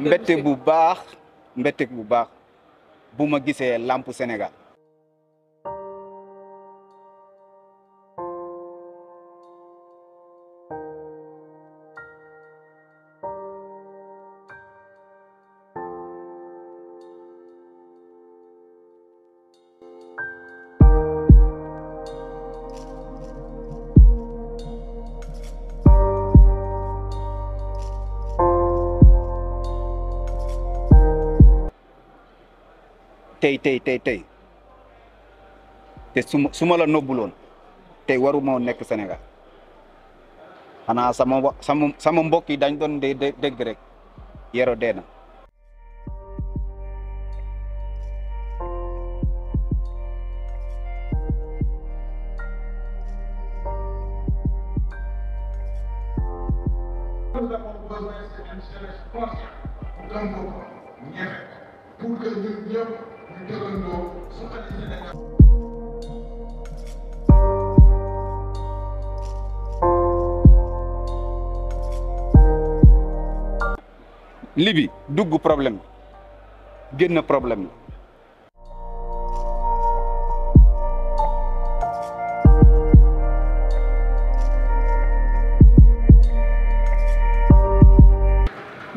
mbette bu baax mbette bu baax bu ma gisee làmp Sénégal tey tey tey tey te suma suma la nobulon tey waru mo nek senegal ana sama sama sama mbok yi dañ doon de dégg rek yero dee na Libi, d'où problème de problème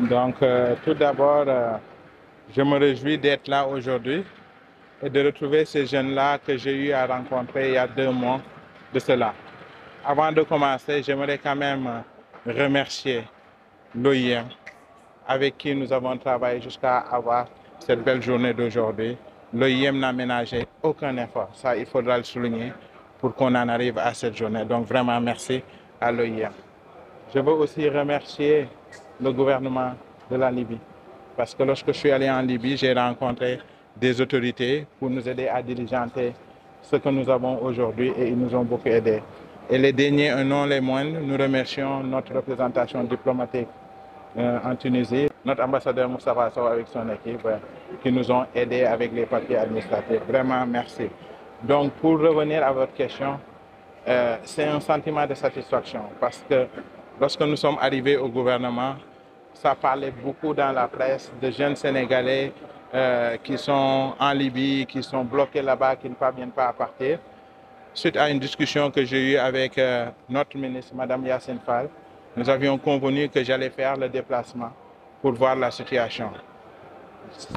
Donc, euh, tout d'abord, euh, je me réjouis d'être là aujourd'hui et de retrouver ces jeunes-là que j'ai eu à rencontrer il y a deux mois de cela. Avant de commencer, j'aimerais quand même remercier l'OIM avec qui nous avons travaillé jusqu'à avoir cette belle journée d'aujourd'hui. L'OIM n'a ménagé aucun effort, ça il faudra le souligner pour qu'on en arrive à cette journée. Donc vraiment merci à l'OIM. Je veux aussi remercier le gouvernement de la Libye parce que lorsque je suis allé en Libye, j'ai rencontré des autorités pour nous aider à diriger ce que nous avons aujourd'hui et ils nous ont beaucoup aidés. Et les derniers, un non les moines, nous remercions notre représentation diplomatique euh, en Tunisie, notre ambassadeur Moussa Sow avec son équipe euh, qui nous ont aidés avec les papiers administratifs. Vraiment, merci. Donc, pour revenir à votre question, euh, c'est un sentiment de satisfaction parce que lorsque nous sommes arrivés au gouvernement, ça parlait beaucoup dans la presse de jeunes Sénégalais euh, qui sont en Libye, qui sont bloqués là-bas, qui ne parviennent pas à partir. Suite à une discussion que j'ai eue avec euh, notre ministre, Mme Yacine Fall, nous avions convenu que j'allais faire le déplacement pour voir la situation.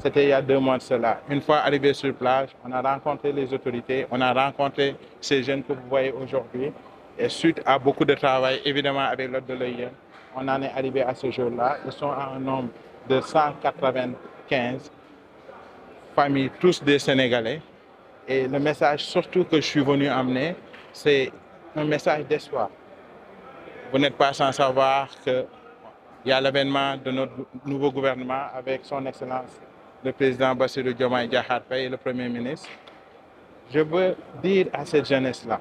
C'était il y a deux mois de cela. Une fois arrivé sur plage, on a rencontré les autorités, on a rencontré ces jeunes que vous voyez aujourd'hui. Et suite à beaucoup de travail, évidemment avec l'aide de l'OIM, on en est arrivé à ce jour-là. Ils sont à un nombre de 195 familles, tous des Sénégalais. Et le message surtout que je suis venu amener, c'est un message d'espoir. Vous n'êtes pas sans savoir qu'il y a l'avènement de notre nouveau gouvernement avec son Excellence le président Bassirou Diomaye Diaharpe et le Premier ministre. Je veux dire à cette jeunesse-là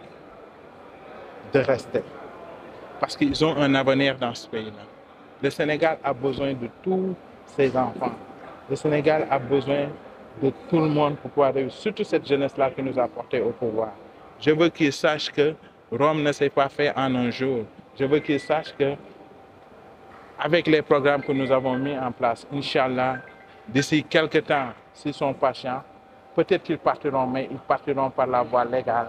de rester parce qu'ils ont un avenir dans ce pays-là. Le Sénégal a besoin de tous ses enfants. Le Sénégal a besoin de tout le monde pour pouvoir réussir, surtout cette jeunesse-là qui nous a portés au pouvoir. Je veux qu'ils sachent que Rome ne s'est pas fait en un jour. Je veux qu'ils sachent que avec les programmes que nous avons mis en place, Inch'Allah, d'ici quelques temps, s'ils sont patients, peut-être qu'ils partiront, mais ils partiront par la voie légale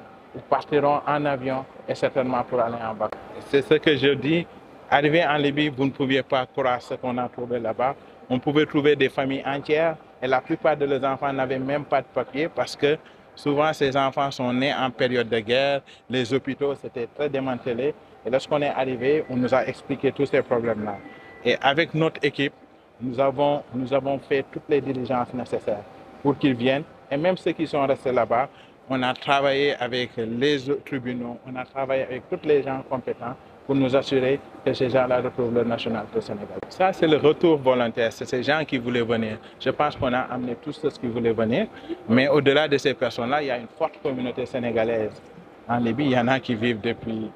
partiront en avion et certainement pour aller en bas. C'est ce que je dis. Arrivé en Libye, vous ne pouviez pas croire ce qu'on a trouvé là-bas. On pouvait trouver des familles entières et la plupart de leurs enfants n'avaient même pas de papier parce que souvent ces enfants sont nés en période de guerre. Les hôpitaux, c'était très démantelés, Et lorsqu'on est arrivé, on nous a expliqué tous ces problèmes-là. Et avec notre équipe, nous avons, nous avons fait toutes les diligences nécessaires pour qu'ils viennent. Et même ceux qui sont restés là-bas, on a travaillé avec les tribunaux, on a travaillé avec toutes les gens compétents pour nous assurer que ces gens-là retrouvent leur nationalité sénégalaise. Ça, c'est le retour volontaire. C'est ces gens qui voulaient venir. Je pense qu'on a amené tous ceux qui voulaient venir. Mais au-delà de ces personnes-là, il y a une forte communauté sénégalaise. En Libye, il y en a qui vivent depuis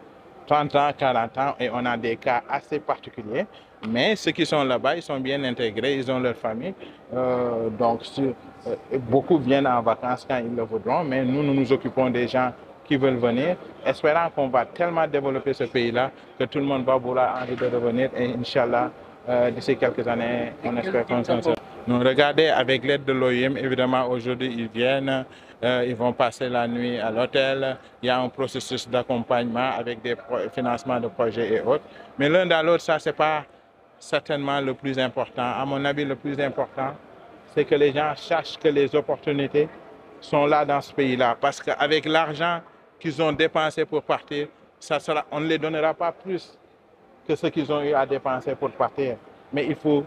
30 ans, 40 ans, et on a des cas assez particuliers. Mais ceux qui sont là-bas, ils sont bien intégrés, ils ont leur famille. Euh, donc, euh, beaucoup viennent en vacances quand ils le voudront, mais nous, nous nous occupons des gens qui veulent venir, espérant qu'on va tellement développer ce pays-là que tout le monde va vouloir envie de revenir. Et Inch'Allah, euh, d'ici quelques années, on espère qu'on s'en nous regardez avec l'aide de l'OIM, évidemment, aujourd'hui, ils viennent, euh, ils vont passer la nuit à l'hôtel. Il y a un processus d'accompagnement avec des financements de projets et autres. Mais l'un dans l'autre, ça, c'est pas certainement le plus important. À mon avis, le plus important, c'est que les gens sachent que les opportunités sont là dans ce pays-là. Parce qu'avec l'argent qu'ils ont dépensé pour partir, ça on ne les donnera pas plus que ce qu'ils ont eu à dépenser pour partir. Mais il faut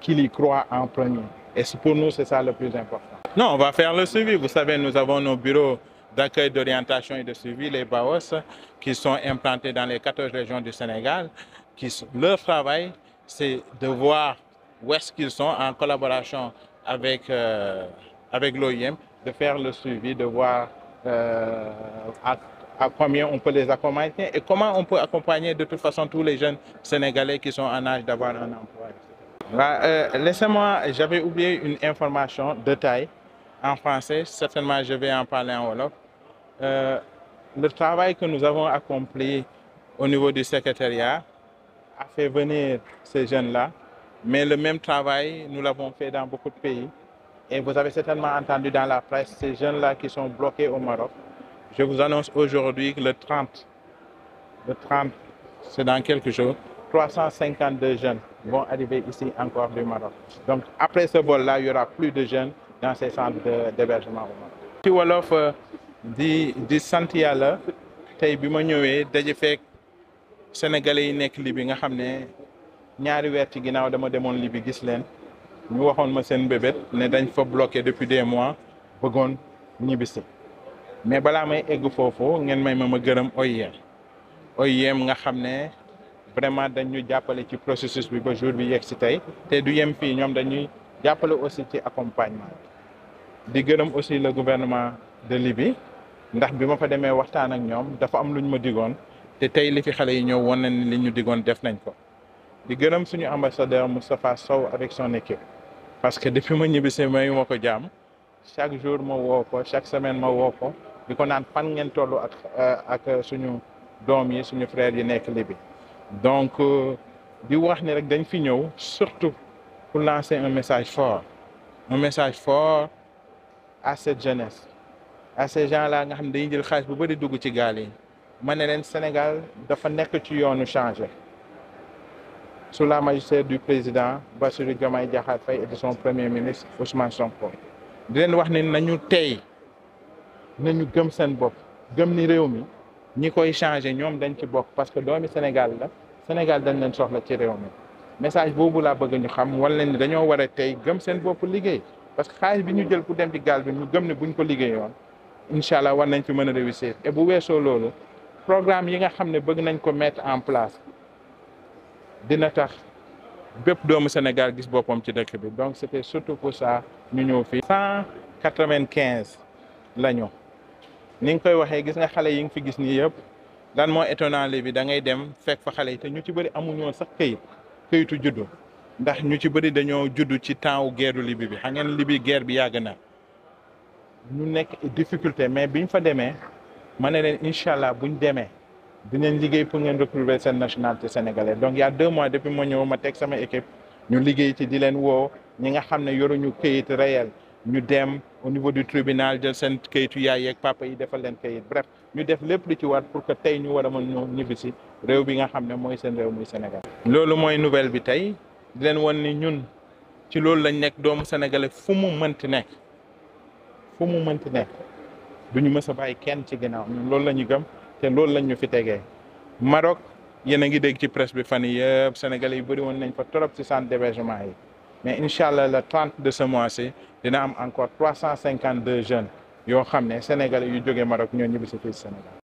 qu'il y croit en premier. Et pour nous, c'est ça le plus important. Non, on va faire le suivi. Vous savez, nous avons nos bureaux d'accueil, d'orientation et de suivi, les BAOS, qui sont implantés dans les 14 régions du Sénégal. Qui, leur travail, c'est de voir où est-ce qu'ils sont en collaboration avec, euh, avec l'OIM, de faire le suivi, de voir euh, à, à, combien on peut les accompagner et comment on peut accompagner de toute façon tous les jeunes Sénégalais qui sont en âge d'avoir un emploi. Bah, euh, laissez-moi, j'avais oublié une information de taille en français. Certainement, je vais en parler en Wolof. Euh, le travail que nous avons accompli au niveau du secrétariat a fait venir ces jeunes-là. Mais le même travail, nous l'avons fait dans beaucoup de pays. Et vous avez certainement entendu dans la presse ces jeunes-là qui sont bloqués au Maroc. Je vous annonce aujourd'hui que le 30, le 30, c'est dans quelques jours, 352 jeunes vont arriver ici encore du Maroc. Donc après ce vol-là, il y aura plus de jeunes dans ces centres d'hébergement. ci wolof euh, di di sant yàlla tey bi ma ñëwee sénégalais yi nekk Libi nga xam ñaari weer ci ginnaaw dama demoon Libi gis leen ñu waxoon ma seen bébét ne dañ fa bloqué depuis des mois bëggoon ñibbisi mais balaa may egg foofu ngeen may ma ma gërëm OIM OIM nga xam ne vraiment dañ ñu jàppale ci processus bi ba jour bi yegg si tey te du yem fii ñoom dañuy jàppale aussi ci accompagnement di gërëm aussi le gouvernement de Libye ndax bi ma fa demee waxtaan ak ñoom dafa am lu ñu ma digoon te tey li fi xale yi ñëw wan na ni li ñu digoon def nañ ko di gërëm suñu ambassadeur Moustapha Sow avec son équipe parce que fi ma ñibbisi mayu ma ko jaam chaque jour ma woo ko chaque semaine ma woo ko di ko naan fan ngeen toll ak ak suñu doom yi suñu frères yi nekk Libye donc euh, di wax ne rek dañ fi ñëw surtout pour lancer un message fort un message fort à cette jeunesse à ces gens-là nga xam ne dañuy jël xaalis bu bëri dugg ci gaal yi ma ne leen Sénégal dafa nekk ci yoonu changé sous la magistère du président Bassirou Diomaye Diakhar Faye et de son premier ministre Ousmane Sonko di leen wax ne nañu tey nañu gëm seen bopp gëm ni réew mi ñi koy changé ñoom dañ ci bokk parce que doomi Sénégal la Sénégal dañ leen soxla ci réew mi message boobu laa bëgg ñu xam wala ni dañoo war a tey gëm seen bopp liggéey parce que xaalis bi ñu jël pour dem ci gaal bi ñu gëm ne buñ ko liggéeyoon incha allah war nañ ci mën a réussir et bu weesoo loolu programme yi nga xam ne bëgg nañ ko mettre en place dina tax bépp doomu Sénégal gis boppam ci dëkk bi donc c'était surtout pour ça ñu ñëw fii 195 quatre la ñu ni nga koy waxee gis nga xale yi nga fi gis nii yëpp lan moo étonnant bi dangay dem fekk fa xale yi te ñu ci bëri amuñoo sax këyit këyitu juddu ndax ñu ci bëri dañoo juddu ci temps wu guerre bi xam ngeen geer bi yàgg na ñu nekk difficulté mais biñ fa demee ma ne leen incha allah buñ demee dinañ liggéey pour ngeen retrouver seen nationalité sénégalaise donc y a deux mois depuis ma ñëw ma teg sama équipe ñu liggéey ci di leen woo ñi nga xam ne yoruñu këyit réel. ñu dem au niveau du tribunal jël seen kayitu yaay yeeg papa yi defal leen kayit bref ñu def lépp lu ci war pour que tey ñu war a mën ñoo ñibbi si réew bi nga xam ne mooy seen réew muy Sénégal. loolu mooy nouvelle bi tey di leen woon ni ñun ci loolu lañ nekk doomu sénégalais fu mu mënti nekk fu mu mënti nekk du ñu mës a bàyyi kenn ci ginnaaw ñun loolu la ñu gëm te loolu lañ ñu fi tegee Maroc yéen a ngi dégg ci presse bi fan yii yëpp yi bëri woon nañ fa trop ci centre d'hébergement yi. mais incha allah le 30 de ce mois-ci dina am encore 352 jeunes yoo xam ne sénégal yu jógee Maroc ñoo ñibbi si fii Sénégal.